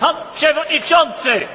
Pan Przewodniczący!